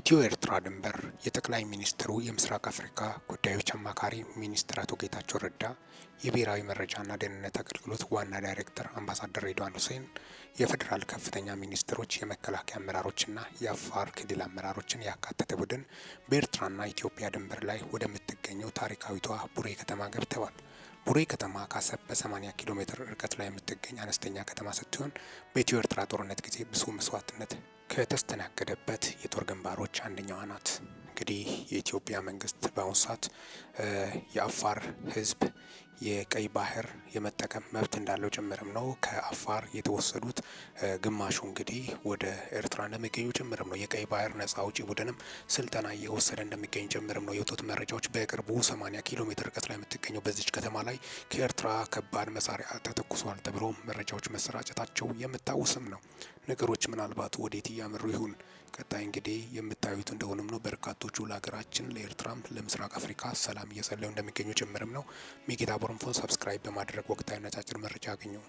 ኢትዮ ኤርትራ ድንበር የጠቅላይ ሚኒስትሩ የምስራቅ አፍሪካ ጉዳዮች አማካሪ ሚኒስትር አቶ ጌታቸው ረዳ፣ የብሔራዊ መረጃና ደህንነት አገልግሎት ዋና ዳይሬክተር አምባሳደር ሬድዋን ሁሴን፣ የፌዴራል ከፍተኛ ሚኒስትሮች፣ የመከላከያ አመራሮችና የአፋር ክልል አመራሮችን ያካተተ ቡድን በኤርትራና ኢትዮጵያ ድንበር ላይ ወደምትገኘው ታሪካዊቷ ቡሬ ከተማ ገብተዋል። ቡሬ ከተማ ካሰብ በ80 ኪሎ ሜትር ርቀት ላይ የምትገኝ አነስተኛ ከተማ ስትሆን በኢትዮ ኤርትራ ጦርነት ጊዜ ብዙ መስዋዕትነት ከተስተናገደበት ተግባሮች አንደኛዋ ናት። እንግዲህ የኢትዮጵያ መንግስት በአሁኑ ሰዓት የአፋር ህዝብ የቀይ ባህር የመጠቀም መብት እንዳለው ጭምርም ነው። ከአፋር የተወሰዱት ግማሹ እንግዲህ ወደ ኤርትራ እንደሚገኙ ጭምርም ነው። የቀይ ባህር ነጻ አውጪ ቡድንም ስልጠና እየወሰደ እንደሚገኝ ጭምርም ነው የወጡት መረጃዎች። በቅርቡ 80 ኪሎ ሜትር ርቀት ላይ የምትገኘው በዚች ከተማ ላይ ከኤርትራ ከባድ መሳሪያ ተተኩሷል ተብሎ መረጃዎች መሰራጨታቸው የምታውስም ነው። ነገሮች ምናልባት ወዴት እያመሩ ይሁን? ቀጣይ እንግዲህ የምታዩት እንደሆነም ነው። በርካቶቹ ለሀገራችን፣ ለኤርትራም፣ ለምስራቅ አፍሪካ ሰላም እየጸለዩ እንደሚገኙ ጭምርም ነው። ሚጌታ ቦርንፎን ሰብስክራይብ በማድረግ ወቅታዊ ነጫጭር መረጃ አገኘው።